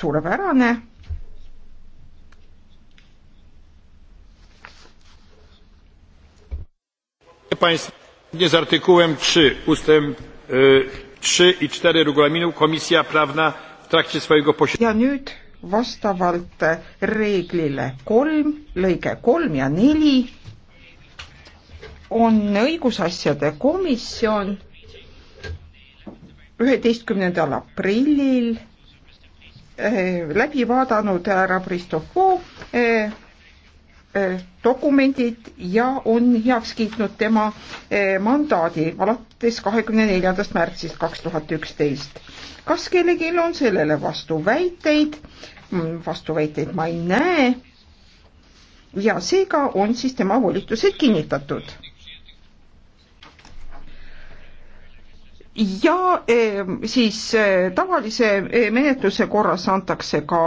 suurepärane. zgodnie z artykułem trzy ustęp trzy i cztery regulaminu komisja prawna w trakcie swojego posiedzenia vastavalt reeglile kolm, lõige kolm ja neli on õigusasjade komisjon üheteistkümnendal aprillil Eh, läbi vaadanud härra Pristofo eh, eh, dokumendid ja on heaks kiitnud tema mandaadi alates kahekümne neljandast märtsist kaks tuhat üksteist. kas kellelgi on sellele vastuväiteid? Mm, vastuväiteid ma ei näe. ja seega on siis tema volitused kinnitatud ja eh, siis eh, tavalise eh, menetluse korras antakse ka